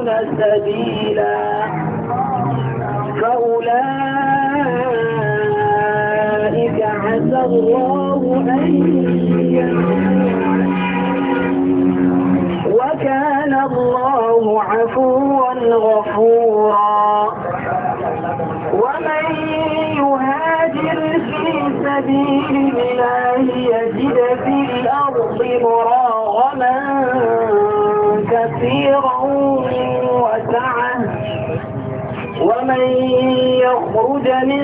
يتبعون سبيلا فأولئك عسى الله أن وكان الله عفوا غفورا ومن يهاجر في سبيل الله ومن يخرج من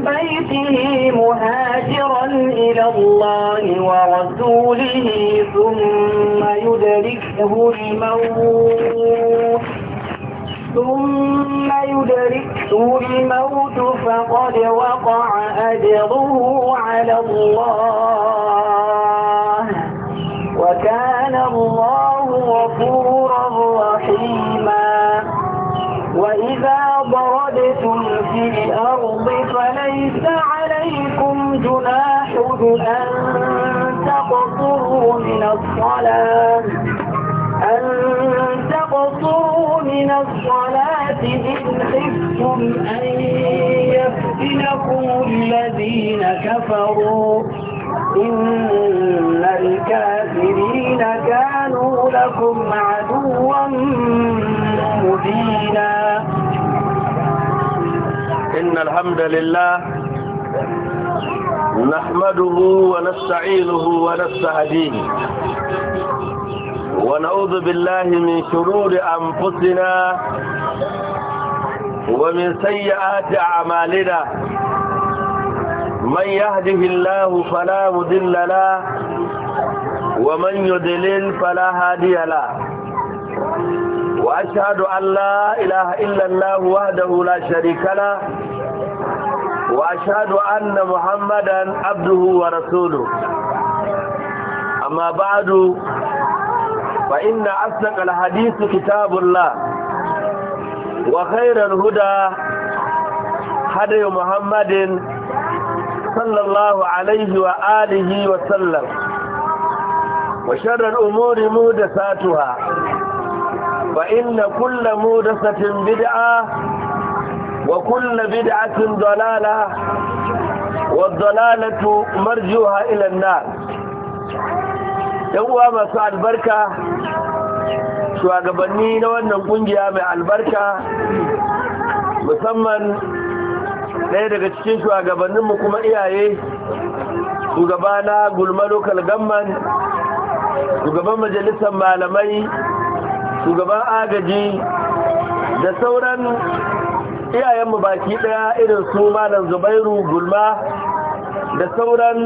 بيته مهاجرا إلى الله ورسوله ثم يدركه الموت ثم يدركه الموت فقد وقع أجره على الله وكان الله وإذا ضربتم في الأرض فليس عليكم جناح أن تقصروا من الصلاة أن تقصروا من الصلاة إن خفتم أن يفتنكم الذين كفروا إن الكافرين كانوا لكم عدوا مبينا إن الحمد لله نحمده ونستعينه ونستهديه ونعوذ بالله من شرور أنفسنا ومن سيئات أعمالنا من يهده الله فلا مذل له ومن يدلل فلا هادي له وأشهد أن لا إله إلا الله وحده لا شريك له وأشهد أن محمدا عبده ورسوله أما بعد فإن أصدق الحديث كتاب الله وخير الهدى هدي محمد صلى الله عليه وآله وسلم وشر الأمور مهدساتها فإن كل مودثة بدعة وكل بدعة ضلالة والضلالة مرجوها إلى النار يوم مساء البركة shugabanni na wannan kungiya mai albarka musamman ɗaya daga cikin shugabanninmu kuma iyaye shugaba na gulma local government shugaban majalisar malamai shugaban agaji da sauran iyayenmu baki daya irin su malam zubairu gulma da sauran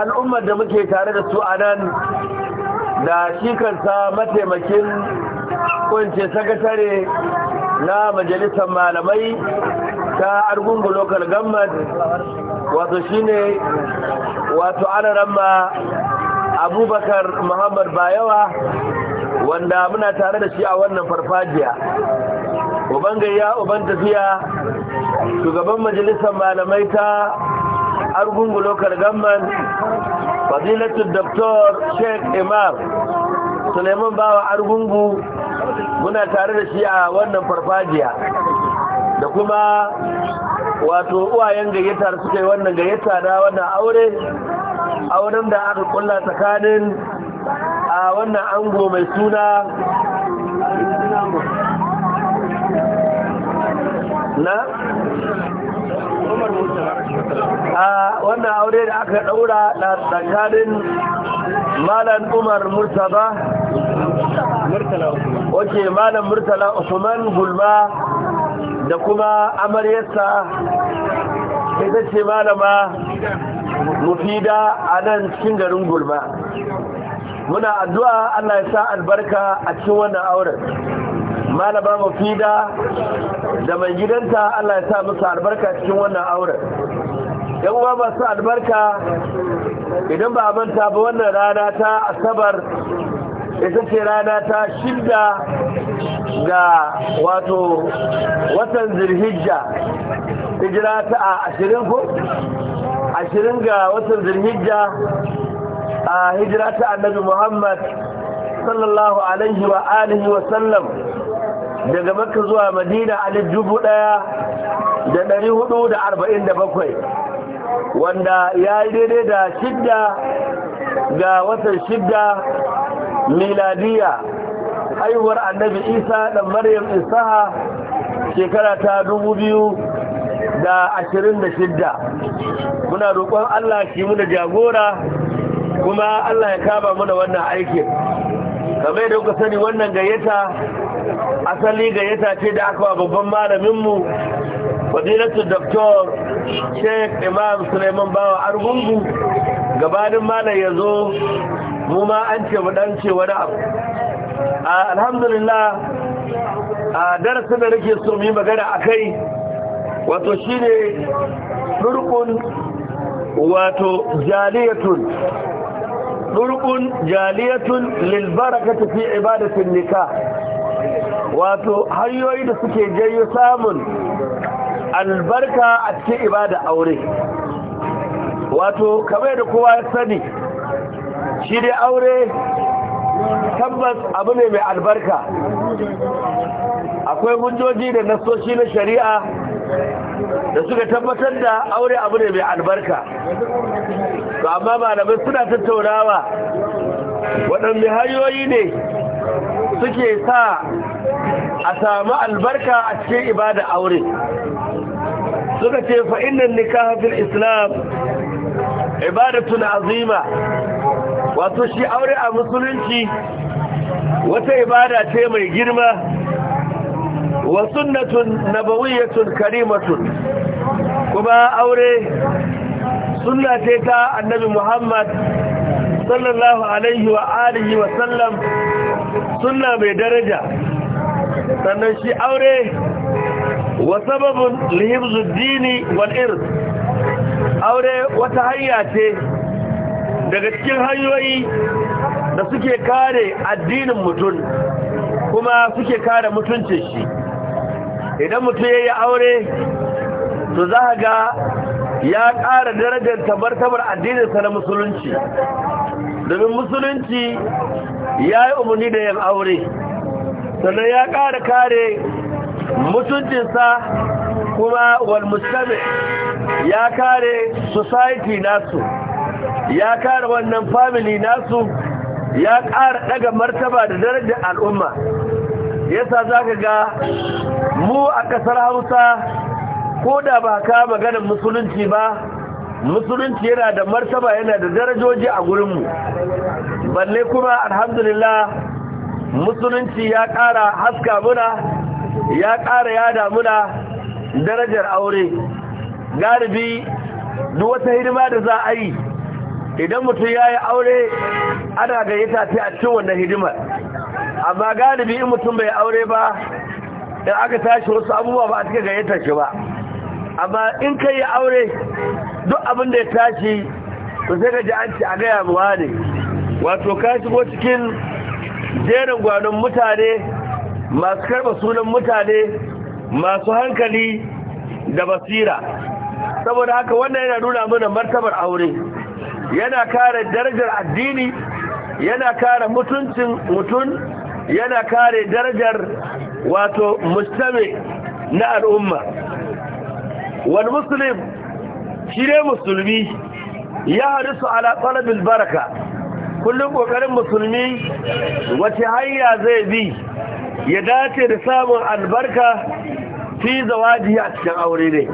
al'ummar da muke tare da su a nan da shi kansa mataimakin kunce sakatare na majalisar malamai ta argungu local government wato shine wato alaramma abubakar muhammad bayawa wanda muna tare da shi a wannan farfajiya uban gayya uban tafiya shugaban majalisar malamai ta argungu local government fadilatul doktor sheikh imam suleiman bawa argungu muna tare da shi a wannan farfajiya da kuma wato uwayen gayyata suka yi wannan gayyata na wannan aure auren da aka kulla tsakanin a wannan ango mai suna na a wannan aure da aka daura da tsakanin malam umar murtaba oke malam murtala usman gulma da kuma amaryarsa ita ce malama mufida a nan cikin garin gulma muna addu'a Allah ya sa albarka a cikin wannan auren malama mafida da mai gidanta Allah ya sa musu albarka cikin wannan auren yan uwa masu albarka idan ba manta ba wannan rana ta asabar ita ce rana ta shidda ga wato watan zirhijja hijira ta a ashirin ko ashirin ga watan zirhijja a hijira ta annabi muhammad sallallahu alaihi wa alihi wa sallam daga makka zuwa madina a dubu daya da dari hudu da arba'in da bakwai wanda ya yi daidai da shidda ga watan shidda miladiya haihuwar annabi isa da maryam isaha shekara ta dubu biyu da ashirin da shidda muna roƙon allah ki muna jagora kuma Allah ya kaba mana wannan aikin kamar da kuka sani wannan gayyata asali gayyata ce da aka babban babban malaminmu fadilatu doctor Sheikh imam suleiman bawa argungu gabanin malam ya zo mu ma an ce mu dan ce wani abu alhamdulillah a darasin da nake so mu yi magana a kai wato shine turkun wato jaliyatun turqun jaliyatun lil barakati fi ibadatin nikah wato hanyoyi da suke janyo samun albarka a cikin ibada aure wato kamar da kowa ya sani shi dai aure tabbas abu ne mai albarka akwai hujjoji da nasoshi na shari'a da suka tabbatar da aure abu ne mai albarka to amma malamai suna tattaunawa waɗanne hanyoyi ne suke sa a samu albarka a cikin ibada aure suka ce fa'inan nikaha fil islam ibadatun azima wato shi aure a musulunci wata ibada ce mai girma wa sunnatun nabawiyyatun karimatun kuma aure sunna ta annabi muhammad sallallahu alaihi wa alihi wa sallam sunna mai daraja sannan shi aure wa sababin lihibzuddini wal irz aure wata hanya ce daga cikin hanyoyi da suke kare addinin mutum kuma suke kare mutuncin shi idan mutum ya yi aure to za ga ya ƙara darajar tabartabar addininsa na musulunci domin musulunci ya yi umarni da yin aure sannan ya ƙara kare mutuncinsa kuma walmustame ya kare society nasu ya kare wannan family nasu ya ƙara ɗaga martaba da darajar al'umma yasa za ka ga mu a ƙasar hausa ko da ba ka maganin musulunci ba musulunci yana da martaba yana da darajoji a gurinmu balle kuma alhamdulillah musulunci ya ƙara haska muna ya ƙara yada muna darajar aure galibi duk wata hidima da za a yi idan mutum ya yi aure ana gayyata ta a cikin wannan hidimar amma galibi in mutum bai aure ba in aka tashi wasu abubuwa ba a cika gayyata shi ba amma in ka yi aure duk abin da ya tashi to sai ka ji an ci a gaya muwa ne wato ka shigo cikin jerin gwanon mutane masu karɓa sunan mutane masu hankali da basira saboda haka wannan yana nuna mana martabar aure yana kare darajar addini yana kare mutuncin mutum yana kare darajar wato mustame na al'umma Wani musulmi shi ne musulmi ya harisu su talabil baraka kullum ƙoƙarin musulmi wace hanya zai bi ya dace da samun albarka fi zawaji a cikin aure ne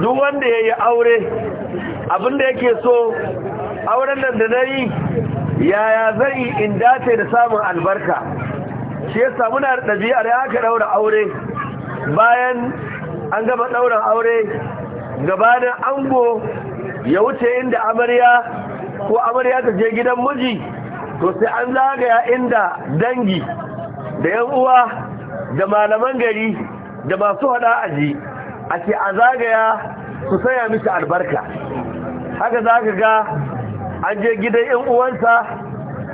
duk wanda ya yi aure abinda yake so auren nan da na yi yaya zai in dace da samun albarka shi ya samu na da ɗabi'ar ya aka ɗaura aure bayan an gama ɗaurin aure gabanin ango ya wuce inda amarya ko amarya ta je gidan miji to sai an zagaya inda dangi da yan uwa da malaman gari da masu hada aji a ce a zagaya su saya mishi albarka haka za ka ga an je gidan yan uwansa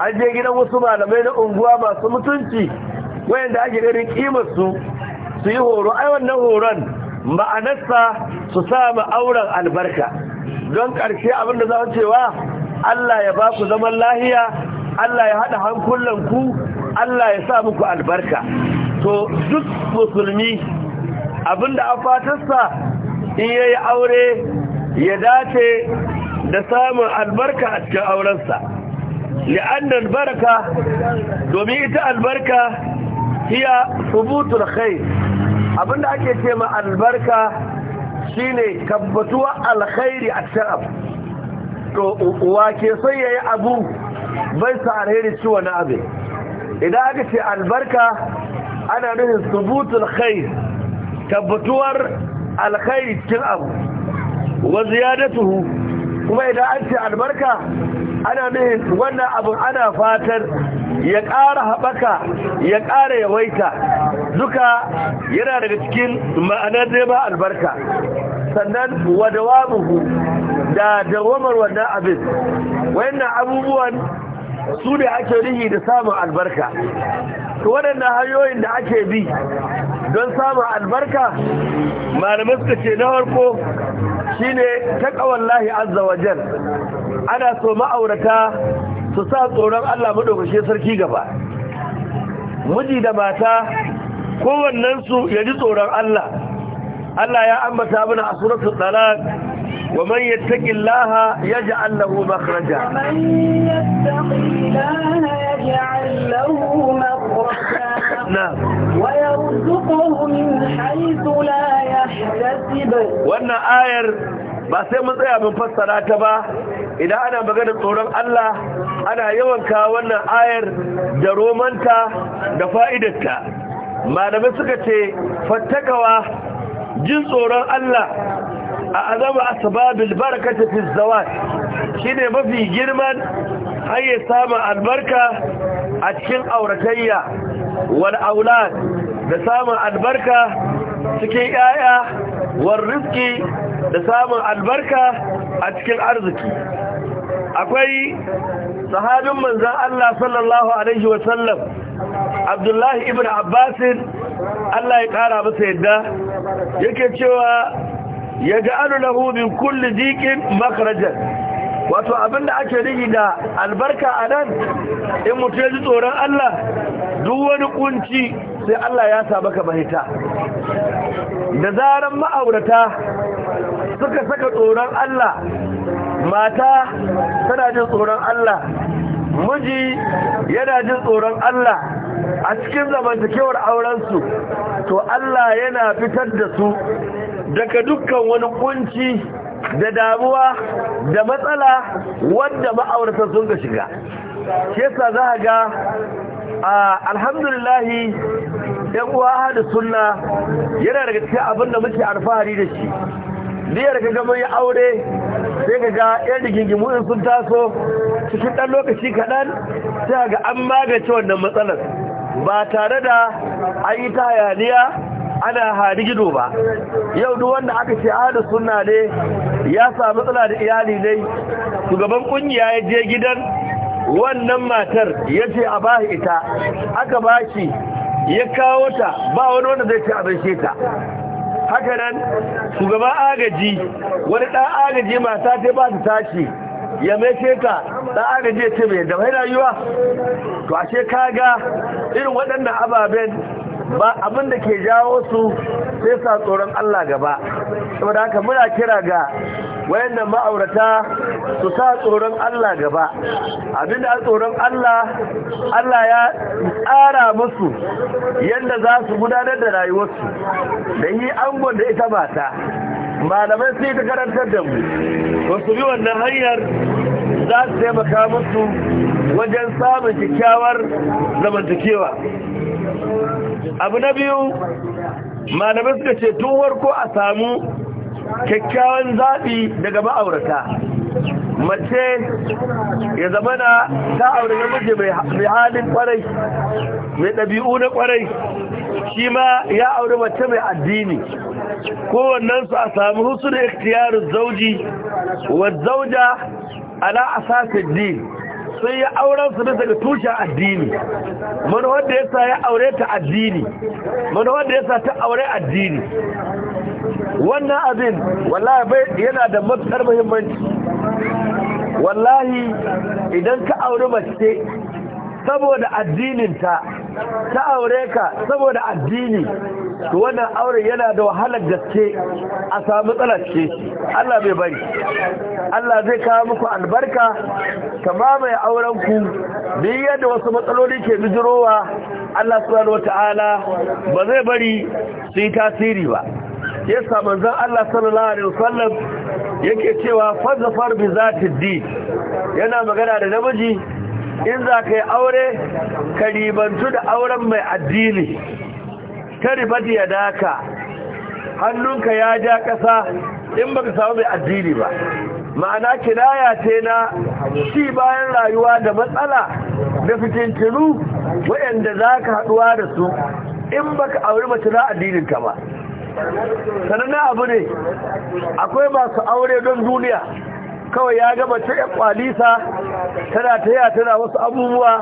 an je gidan wasu malamai na unguwa masu mutunci wayanda ake ganin su su yi horo ai wannan horon ma'anarsa su sami auren albarka don ƙarshe abinda za cewa Allah ya ba ku zaman lahiya Allah ya haɗa hankulanku Allah ya sa muku albarka to duk musulmi abinda a fatarsa in ya yi aure ya dace da samun albarka a cikin aurensa li'annan baraka domin ita albarka hiya subutul khair abinda ake ce ma albarka shine tabbatuwa alkhairi a cikin abu to wake sai yayi abu bai sa alheri ci wani abu idan aka ce albarka ana nufin subutul khair tabbatuwar alkhairi cikin abu wa ziyadatuhu kuma idan an ce albarka ana nuhin wannan abin ana fatar ya ƙara haɓaka ya ƙara yawaita duka yana daga cikin ma'anar neman albarka sannan wadawamuhu da dawamar wannan abin wayannan abubuwan su ne ake rihi da samun albarka to waɗannan hanyoyin da ake bi don samun albarka malamai suka ce na farko shine ƙawar lahi azzawajal. ana so ma'aurata su sa tsoron Allah maɗaukashe sarki gaba miji da mata kowannensu ya ji tsoron Allah Allah ya ambata mana a suratul talaq wa man yattaqillaha wa man wannan ayar ba sai mun tsaya mun fassara ta ba idan ana magana tsoron Allah ana yawan kawo wannan ayar da romanta da fa'idarta malamai suka ce fattakawa jin tsoron Allah a azaba asbabul barakati fi zawat shine mafi girman haye samun albarka a cikin auratayya wal aulad da samun albarka cikin 'ya'ya war rizki da samun albarka a cikin arziki akwai sahabin manzan Allah sallallahu Alaihi wasallam abdullahi ibn abbasin Allah ya kara masa yadda yake cewa ya ga ja'alu lahu min kulli jikin makarajar wato abinda ake rigi da albarka a nan in mutu ya ji tsoron Allah duk wani kunci sai Allah ya sa maka mahita da zarar ma'aurata suka saka tsoron Allah mata tana jin tsoron Allah miji yana jin tsoron Allah a cikin zamantakewar aurensu to Allah yana fitar da su daga dukkan wani kunci da damuwa da matsala wanda ma'aurata sun ga shiga sa za ga alhamdulillahi yan uwa haɗa sunna yana daga cikin abin da muke alfahari da shi biyar ka gama yi aure sai ka ga yan rigingimu in sun taso cikin ɗan lokaci kaɗan sai ga an magace wannan matsalar ba tare da an yi ta hayaniya ana hari gido ba yau duk wanda aka ce ahadu suna ne ya samu matsala da iyali ne shugaban kungiya ya je gidan wannan matar ya ce a ba ita aka bashi ya kawo ta ba wani wanda zai ce a shi ta haka nan shugaban agaji wani ɗan agaji mata ta ba su tashi ya ce ka ɗan agaji ya ce mai da mai rayuwa to a ashe ga irin waɗannan ababen ba abin da ke jawo su sai sa tsoron Allah gaba saboda haka muna kira ga wayannan ma'aurata su sa tsoron Allah gaba abinda a tsoron Allah Allah ya tsara musu yadda za su gudanar da rayuwarsu da yi angon da ita mata malamai sai ta karantar da mu wasu bi wannan hanyar za su taimaka musu wajen samun kyakkyawar zamantakewa abu na biyu malamai suka ce tun warko a samu kyakkyawan zaɓi daga ma'aurata mace ya zama na ta aure namiji mai halin kwarai mai ɗabi'u na kwarai shi ma ya aure mace mai addini kowannen su a sami husu da ikhtiyarin zauji wa zauja ala asasin din sun yi auren su daga tushen addini manufar da yasa ya aure ta addini manufar da yasa ta aure addini wannan abin wallahi yana da matsar muhimmanci wallahi idan ka aure mace saboda addininta ta aure ka saboda addini to wannan aure yana da wahalar gaske a samu tsalace Allah bai bari Allah zai kawo muku albarka kama mai auren ku bi yadda wasu matsaloli ke bijirowa Allah subhanahu wataala ba zai bari su yi tasiri ba yasa manzon Allah sallallahu alaihi wasallam yake cewa fazafar bi zati di yana magana da namiji in za ka yi aure ka ribantu da auren mai addini ta ribati ya daka hannunka ya ja ƙasa in baka samu mai addini ba ma'ana kinaya ce na ci bayan rayuwa da matsala da fitintinu waɗanda za ka haɗuwa da su in baka auri mace na addinin ka ba sanannan abu ne akwai masu aure don duniya kawai ya gaba ce kwalisa tana taya tana wasu abubuwa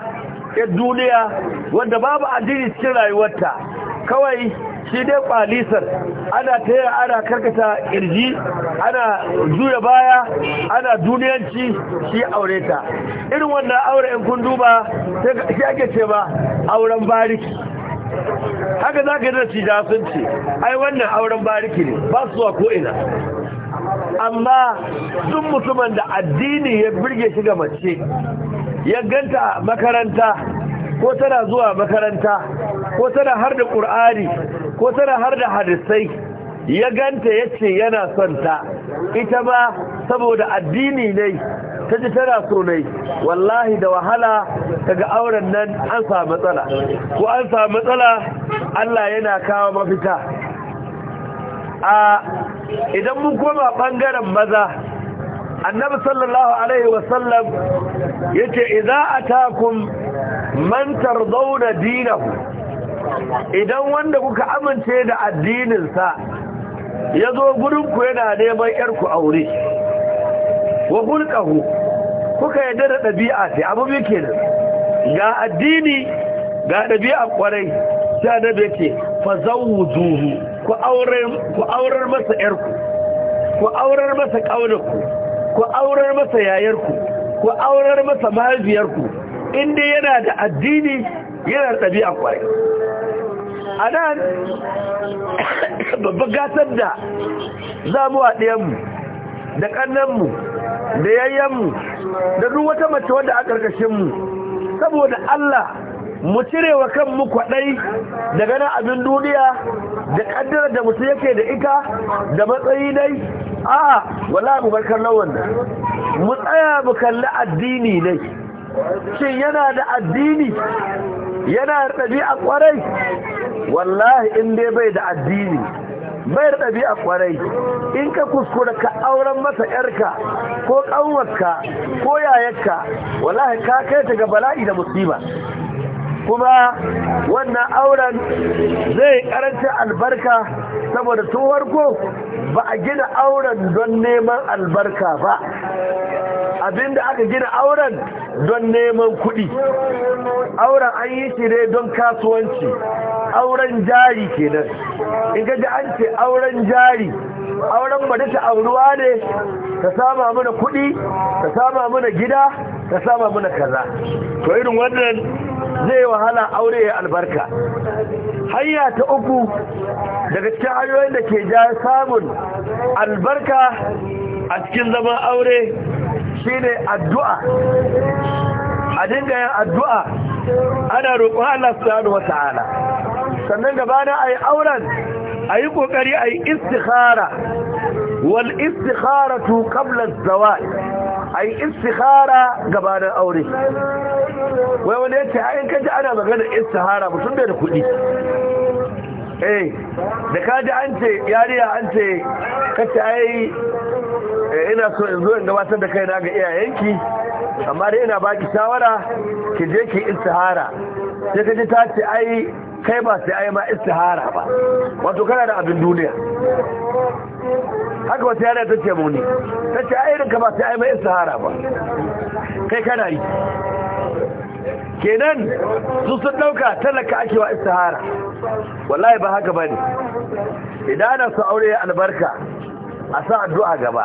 ya duniya wanda babu addini cikin rayuwarta kawai shi dai kwalisar ana taya ana karkata irji ana juya baya ana duniyanci shi aure ta irin wannan aure in kun duba shi ake ce ba auren bariki haka za ka yi da sun ce ai wannan auren bariki ne ba su zuwa ko'ina amma duk mutumin da addini ya birge shi ga mace ya ganta makaranta ko tana zuwa makaranta ko tana har da ƙur'ari, ko tana har da hadisai ya ganta ya ce yana son ta ita ba saboda addini ne ta ji tana sonai wallahi da wahala daga auren nan an samu matsala ko an samu matsala Allah yana kawo mafita a idan mun koma bangaren maza annabi sallallahu alaihi wasallam yace idza atakum man tardawna dinahu idan wanda kuka amince da addinin sa yazo gurin ku yana neman yar ku aure wa hulƙahu kuka yarda da ɗabi'a sai abu biyu kenan ga addini ga ɗabi'a kwarai sai annabi ce fa zawwujuhu zuhu ku aurar masa ƴarku, ku aurar masa ƙaunarku ku aurar masa yayarku ku aurar masa mahaifiyarku inda yana da addini yana da ɗabi'a ƙwarai. a nan babban gasar da za mu a mu da ƙannanmu da yayyanmu da duk wata mace wadda a ƙarƙashinmu saboda Allah mu cire wa kanmu kwaɗai da ganin abin duniya da ƙaddara da mutum yake da ita da matsayi dai a wala mu bar kallon wannan mu tsaya mu kalli addini ne shin yana da addini yana da ɗabi'a kwarai wallahi in dai bai da addini bayar ɗabi'a kwarai in ka kuskura ka auren masa yarka ko ƙanwarka ko yayarka wallahi ka kai ta ga bala'i da musiba kuma wannan auren zai karanta albarka saboda tun farko ba a gina auren don neman albarka ba abinda aka gina auren don neman kuɗi auren an yi shi ne don kasuwanci auren jari kenan in gaji an ce auren jari auren ba ta auruwa ne ta sama mana kuɗi ta sama mana gida ta sama mana kaza to irin wannan zai yi wahala aure ya albarka hanya ta uku daga cikin hanyoyin da ke ja samun albarka a cikin zaman aure shi ne addu'a a dinga yin addu'a ana roƙon Allah subhanahu wata'ala sannan gabanin yi auren a ayi kokari yi istihara wal istihara tu az-zawaj a yi istihara gabanin aure wai wani yace a yin kaji ana magana istihara mutum da kuɗi eh da kaji an ce yariya an ce kace ai eh, ina so in zo in gabatar da kaina ga iyayenki amma dai ina baki shawara ki je ki istihara sai kaji ta ce ai kai ba sai ai ma istihara ba wato kana da abin duniya haka wata yare ta ce muni ta ce ai irin ka ba sai ai ma istihara ba kai kana yi kenan su sun dauka talaka ake wa istihara wallahi ba haka bane idan su aure albarka a sa addu'a gaba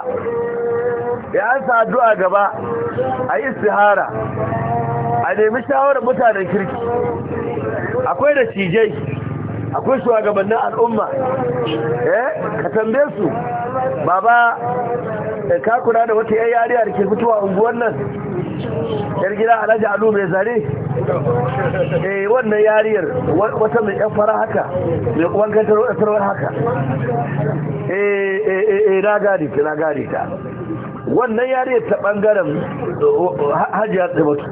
ya an sa addu'a gaba a yi istihara a nemi shawarar mutanen kirki akwai da cijai akwai shugabannin al'umma eh ka tambaye su baba eh, ka kula da wata yayyariya da ke fitowa unguwar nan yar gida alhaji alu mai zare eh wannan yariyar wata mai yan fara haka mai kuwan kantarwar haka eh, eh, eh, eh na gari ta na gari ta wannan yariyar ta bangaren hajiya tsibatu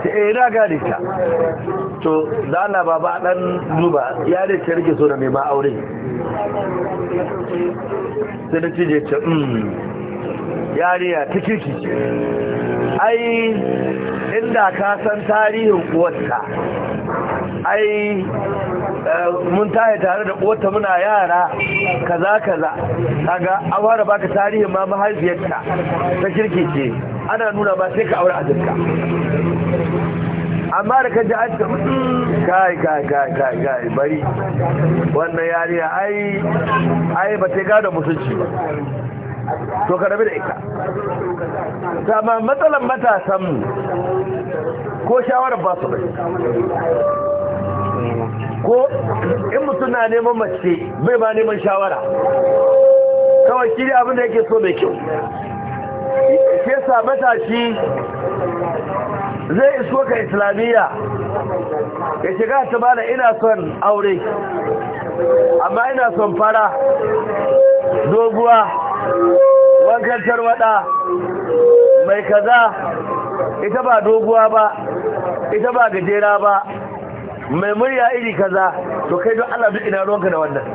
ta eh na gari ta to a ana baba dan duba yariyar ta rike so da mai ma aure sai da cije ce hmm, yariya ta kirki ce ai inda ka san tarihin kuwarta ai eh, mun tahe tare da kuwarta muna yara kaza kaza kaga abuwa ba baka tarihin ma mahaifiyarta ta kirki ce ana nuna ba sai ka aure azurka amma da ka ji an tabi mm, kai kai kai kai kai bari wannan yariya ai ai ba ta gada musulci ba to ka rabu da ita sama matsalan matasanmu ko shawarar ba su bai ko in mutum na neman mace bai ba neman shawara kawai shi abin da yake so mai kyau ke sa matashi zai iso ka islamiyya ya shiga ta bada ina son aure amma ina son fara doguwa wankan tarwada mai kaza ita ba doguwa ba ita ba gajera ba mai murya iri kaza to kai don Allah duk ina ruwanka da wannan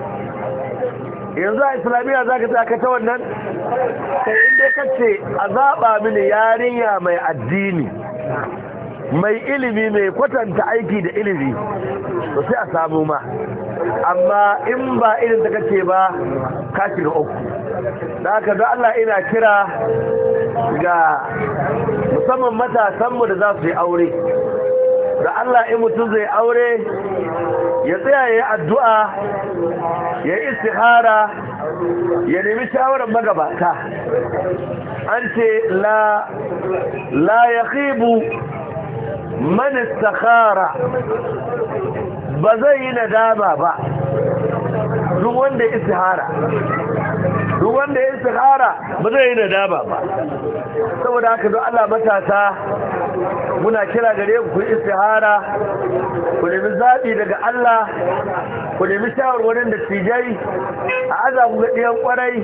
yanzu a islamiyya za ka ta ta wannan ta inda ka ce a zaɓa mini yarinya mai addini mai ilimi mai kwatanta aiki da ilimi to sai a samu ma amma in ba irin ta kake ba kafin uku da aka ga Allah ina kira ga musamman matasanmu da za su yi aure da Allah in mutum zai aure ya tsaya ya yi addu'a ya yi istihara ya nemi shawarar magabata an ce la ya khibu man istakhara ba zai yi nadama ba duk wanda ya istihara duk wanda ya istihara ba zai yi nadama ba saboda haka duk Allah matasa muna kira gare ku ku istihara ku nemi zaɓi daga Allah ku nemi shawarwarin da tijai a azabu ga ɗiyan ƙwarai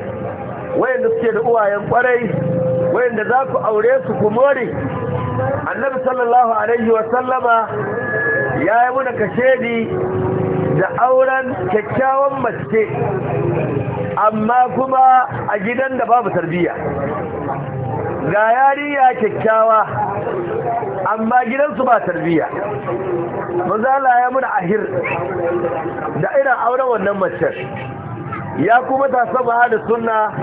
wayanda suke da uwayen ƙwarai wayanda za ku aure su ku more annabi sallallahu alaihi wa sallama ya yi muna kashedi da auren kyakkyawan mace amma kuma a gidan da babu tarbiyya ga yariya kyakkyawa amma gidansu ba tarbiyya mazala ya muna ahir da irin auren wannan mace ya kuma ta hada sunna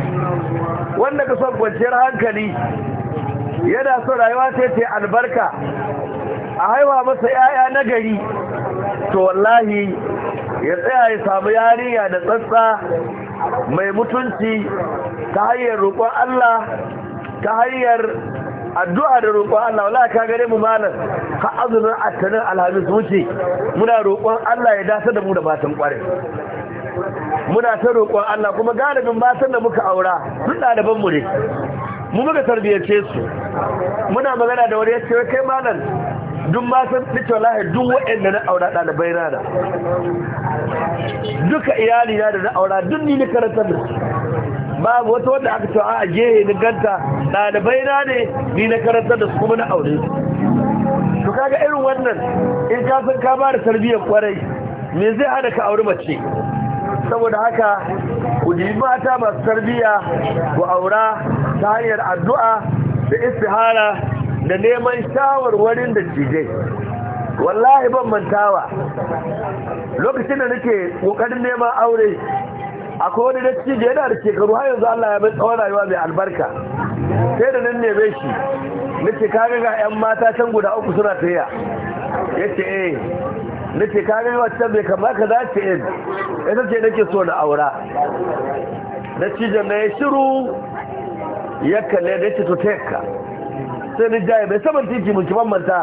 wanda ka son kwanciyar hankali yana so rayuwa sai ce albarka a haiwa masa yaya na gari to wallahi ya tsaya ya samu yariya da tsatsa mai mutunci ta hanyar roƙon Allah ta hanyar addu'a da roƙon Allah wala ka gare mu malam ka azumin attanin alhamis wuce muna roƙon Allah ya dasa da mu da matan ƙwarin. muna ta roƙon Allah kuma galibin matan da muka aura duk ɗaliban mu ne mu muka tarbiyyace su muna magana da wani ya ce kai malam duk matan ɗin wallahi duk waɗanda na aura ɗalibai na da duka iyali na da na aura duk ni ni karanta da babu wata wanda aka ce a gehe ni ganta ɗalibai na ne ni na karanta da su kuma na aure su kaga irin wannan in ka san ka ba da tarbiyyar kwarai me zai hada ka auri mace saboda haka ku ji mata masu tarbiyya ku aura ta hanyar addu'a da istihara da neman shawarwarin da wallahi ban mantawa lokacin da nake kokarin neman aure akwai wani dattijo da yana da shekaru har yanzu Allah ya bai tsawon rayuwa mai albarka sai da nan neme shi nake kaga ga yan mata can guda uku suna tayya yace eh na ce ka gani wacce mai kama ka za ta yin ita ce nake so na aura na cijin na ya shiru ya kalle da ya ce to teka sai ni jaye mai saman titi mun ki bambanta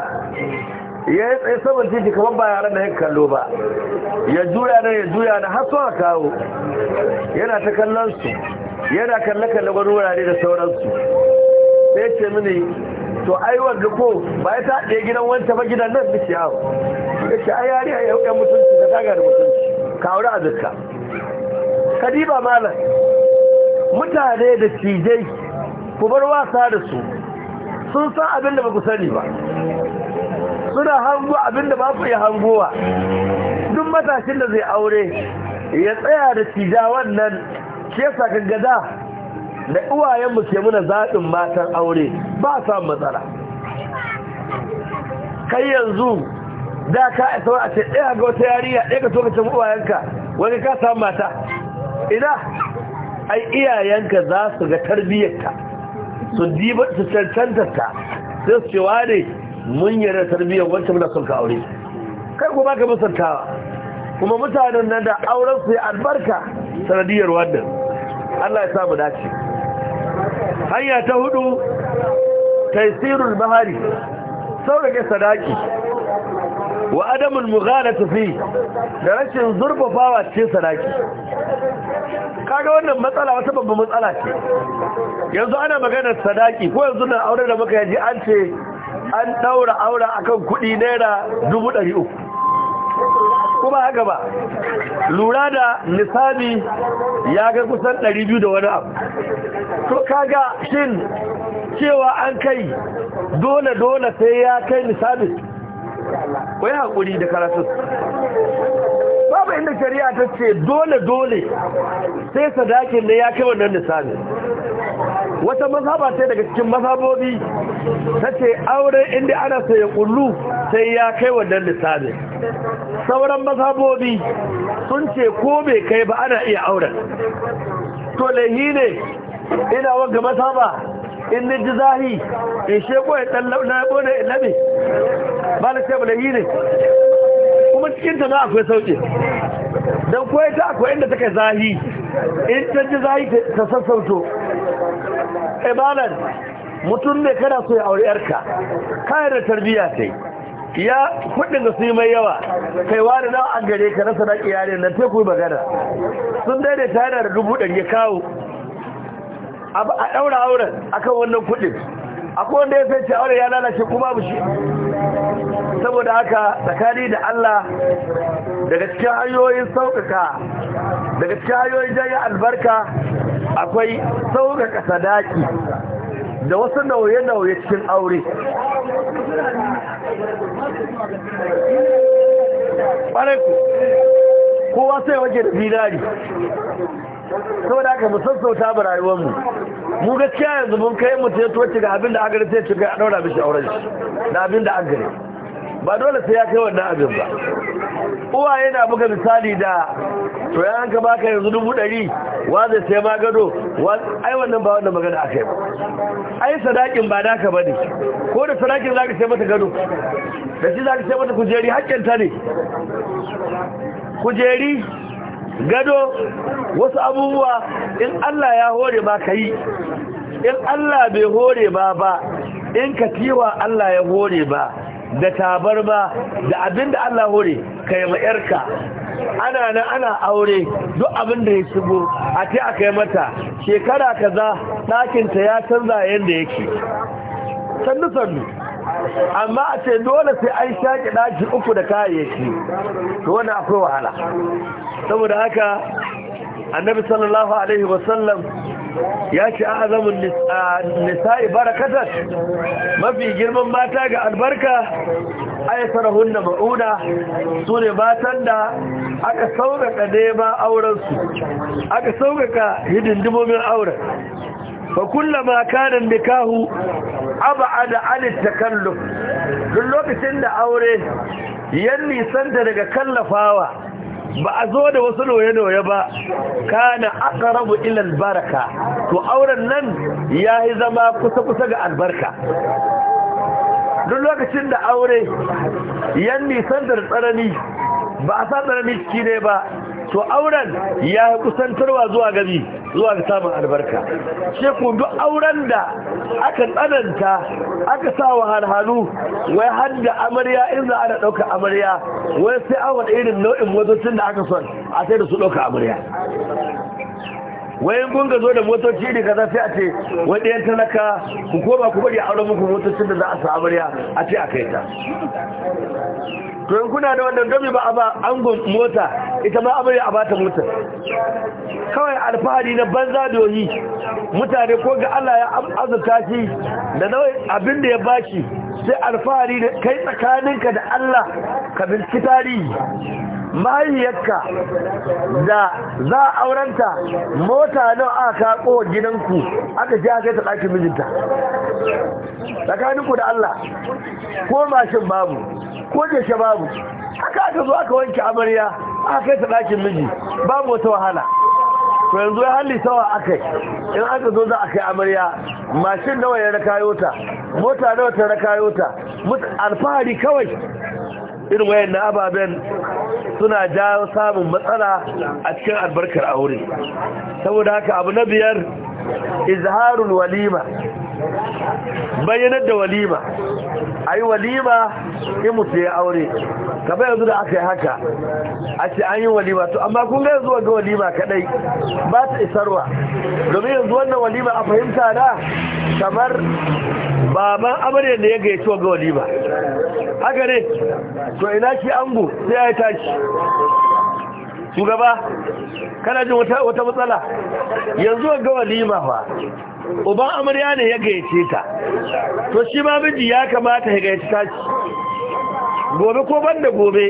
ya yi tsaye saman titi kamar ba yaran da ya kallo ba ya juya na ya juya na har a kawo yana ta kallon su yana kalle kalle wani wurare da sauransu sai ce mini to ai wanda ko ba ya ta gidan wancan ba gidan nan bishi yawo ya ce ai yari a yan mutunci da taga da mutunci kawar a zirka kadiba malam mutane da cijai ku bar wasa da su sun san abin da ba ku sani ba suna hango abin da ba ku yi hangowa duk matashin da zai aure ya tsaya da cija wannan ke sa gaggada da uwayenmu ke muna zaɓin matan aure ba sa matsala kai yanzu da ka isa a ce ɗaya ga wata yariya ɗaya ka so ka uwayenka wani ka samu mata ina ai iyayenka za su ga tarbiyyarka su diba su cancantarta sai su cewa ne mun da tarbiyyar wancan muna son ka aure kai kuma ka musantawa kuma mutanen nan da auren su yi albarka sanadiyar wannan Allah ya samu dace hanya ta hudu taisirul mahari saurake sadaki wa adamul mughalatu fi da rashin zurfafawa cikin sadaki kaga wannan matsala wata babban matsala ce yanzu ana maganar sadaki ko yanzu na aure da muka yaji an ce an daura aure akan kuɗi naira dubu ɗari uku. Kuma haka ba lura da nisabi ya ga kusan 200 da wani abu to kaga shin cewa an kai dole dole sai ya kai nisabi wai hakuri da karatu babu inda shari'a ta ce dole dole sai sadakin da ya kai wannan nisabi wata mazhaba sai daga cikin mazhabobi ta ce aure inda ana sayan kullu sai ya kai wannan lissafin sauran mazhabobi sun ce ko bai kai ba ana iya auren to lahi ne ina wanga mazhaba in ni ji zahi in sheko ya dan launa ko ne ba na ce lahi ne kuma cikin ta ma akwai sauki dan koyi ta akwai inda take zahi in ta ji zahi ta sassauto ibalan mutum ne kana so ya aure yarka kayar da tarbiyya ta ya kudin da su yi mai yawa kai wani na an gare ka rasa na iyalin nan teku magana sun daidai ta yana da dubu ɗan ya kawo a ɗaura auren akan wannan kudin akwai wanda ya sai ce auren ya lalace kuma bu shi saboda haka tsakani da Allah daga cikin hanyoyin sauƙaƙa daga cikin hanyoyin jaya albarka akwai sauƙaƙa sadaki da wasu nauye-nauye cikin aure ɓararku kowa sai waje da saboda aka musassauta ba rayuwarmu mu gaskiya yanzu mun kai mu ya to ci ga abin da aka rasa ci ga a daura mishi auren shi da abin da an ba dole sai ya kai wannan abin ba uwa yana buga misali da to ya hanka baka yanzu dubu ɗari wa zai sai ma gado ai wannan ba wannan magana aka yi ba ai sadakin ba naka ba ne ko da sadakin za ka sai mata gado da shi za ka sai mata kujeri haƙƙinta ne kujeri gado wasu abubuwa in Allah ya hore ba ka yi in Allah bai hore ba ba in tiwa Allah ya hore ba da tabarma da abin da Allah hore kai yi ma'yarka ana na ana aure duk abin da ya shigo a ce aka yi mata shekara kaza ɗakinta ya canza yadda yake sannu sannu amma a ce dole sai an shaƙi ɗaki uku da kayayyaki to wani akwai wahala saboda haka annabi sallallahu alaihi wasallam ya ce a azamin nisa'i barakatar mafi girman mata ga albarka sarahun da ma'una su ne matan da aka sauƙaƙa nema aurensu aka sauƙaƙa hidindimomin auren fa kullama kana nikahu da da takalluf duk lokacin da aure yan nisanta daga kallafawa ba a zo da wasu noye-noye ba kana rabu ilal baraka, to auren nan ya yayi zama kusa-kusa ga albarka duk lokacin da aure yan nisan da tsarani ba a sa tsarani ciki ne ba to auren ya kusantarwa zuwa gami zuwa ga samun albarka shi ku duk auren da aka tsananta aka sa wa harhanu wai har da amarya in za a ana ɗauka amarya wai sai awon irin nau'in motocin da aka son a sai da su ɗauka amarya wayan kun ga zo da motoci ne kaza sai a ce wai ɗayan talaka ku koma ku bari a auren muku motocin da za a sa amarya a ce a kai ta to yin kuna da wannan domin ba a ba angon mota ita ma amarya a bata mota kawai alfahari na banza doyi mutane ko ga Allah ya azurta shi da nawai abin da ya bashi sai alfahari da kai tsakaninka da Allah ka binciki tarihi mahaiyarka da za a aurenta mota nawa aka kowar gidanku aka ji aka ta ɗakin mijinta tsakaninku da Allah ko mashin babu ko da shi babu aka aka zo aka wanke amarya aka kai ta dakin miji babu wata wahala to yanzu ya halli sawa aka in aka zo za a kai amarya mashin nawa ya rakayo ta mota nawa ta rakayo ta alfahari kawai irin wayan na ababen suna jawo samun matsala a cikin albarkar aure saboda haka abu na biyar izharul walima bayyanar da walima a yi walima in mutu ya aure kamar yanzu da aka yi haka a ce an yi walima to amma kun ga yanzu ga walima kadai ba ta isarwa domin yanzu wannan walima a fahimta na kamar baban amarya da ya gaici wa ga walima haka ne to ina ki ango sai ya yi tashi shugaba kana jin wata matsala yanzu ga walima ba. uban amarya ne ya gayyace ta to shi ma miji ya kamata ya gayyace ta gobe ko ban gobe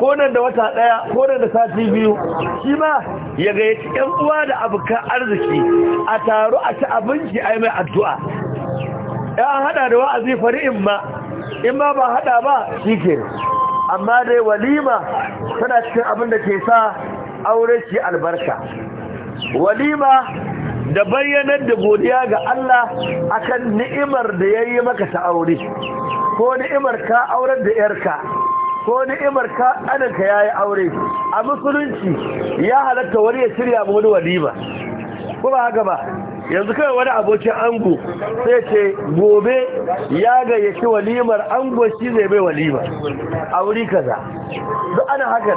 ko nan da wata daya ko nan da sati biyu shi ma ya gayyaci yan uwa da abokan arziki a taro a ci abinci a yi mai addu'a ya haɗa da wa'azi fari'in ma in ma ba haɗa ba shike amma dai walima tana cikin abin da ke sa aure shi albarka walima da bayyanar da godiya ga Allah akan ni'imar da ya yi maka ta aure ko ni'imar ka auren da yarka ko ni'imar ka ɗaninka ya yi aure a musulunci ya halatta wani ya shirya wani walima ko ba haka ba yanzu kawai wani abokin ango sai ce gobe ya gayyaci walimar ango shi zai bai walima a wuri kaza duk ana haka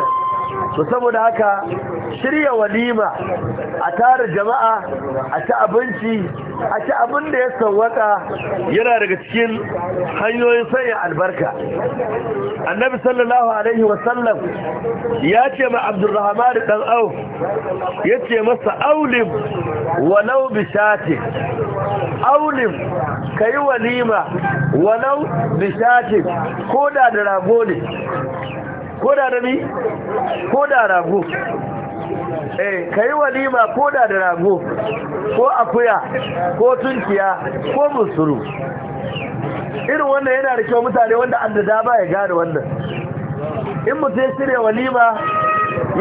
to saboda haka shirya walima a tara jama'a a ci abinci a ci abin da ya sauwaka yana daga cikin hanyoyin sanya albarka annabi sallallahu alaihi wa sallam, ya ce ma abdurrahman dan au ya ce masa aulim walau shati aulim ka walima walau bi ko da da rago ne ko da rami ko da rago eh kai walima ko da da rago ko akuya ko tunkiya ko musuru irin wannan yana da kyau mutane wanda an da daba ya gane wannan in mutum ya shirya walima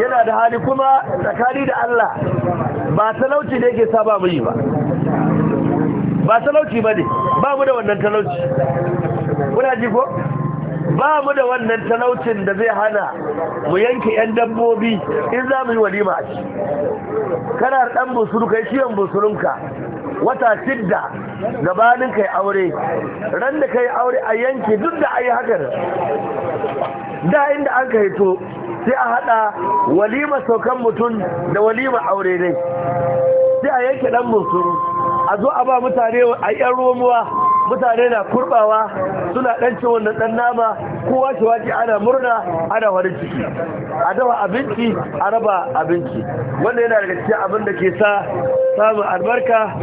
yana da hali kuma tsakani da Allah ba talauci ne ke sa ba mu yi ba ba talauci ba ne ba mu da wannan talauci kuna ji ko ba mu da wannan talaucin da zai hana mu yanke 'yan dabbobi in za mu yi walima a shi kana dan busuru kai ciwon busurunka wata shidda gabanin kai aure ran da kai aure a yanke duk da ayi hakan da inda an ka hito sai a hada walima saukan mutum da walima aure dai sai a yanke dan busuru a zo a ba mutane a yan romuwa mutane na kurbawa suna ɗanci wannan ɗan nama kowa wace wace ana murna ana wani ciki a dawa abinci a raba abinci wanda yana da cikin abin da ke sa samun albarka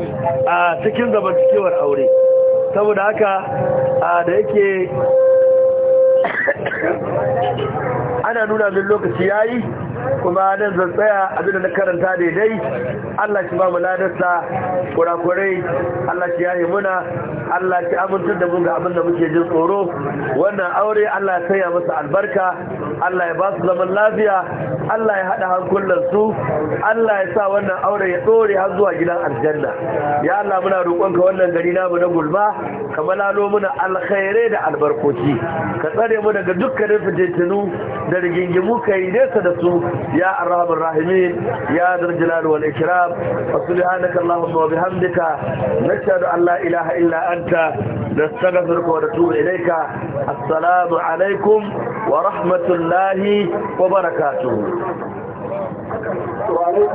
a cikin zamantakewar aure saboda haka da yake ana nuna min lokaci yayi kuma nan zan tsaya abinda na karanta daidai Allah ki ba mu ladarsa kurakurai Allah shi yaye muna Allah ki amintar da mu ga abin da muke jin tsoro wannan aure Allah ya sanya masa albarka Allah ya ba su zaman lafiya Allah ya haɗa hankulan su Allah ya sa wannan aure ya ɗore har zuwa gidan aljanna ya Allah muna roƙonka wannan gari mu na gulma ka malalo muna alkhairai da albarkoci ka tsare mu daga dukkanin fitintunu da rigingimu ka yi nesa da su ya arhamar rahimin ya zarjalal wal ikram wa subhanaka allahumma wa bihamdika nashhadu an la ilaha illa anta nastaghfiruka wa natubu ilayka assalamu alaikum wa warahmatullahi wabarakatuhu.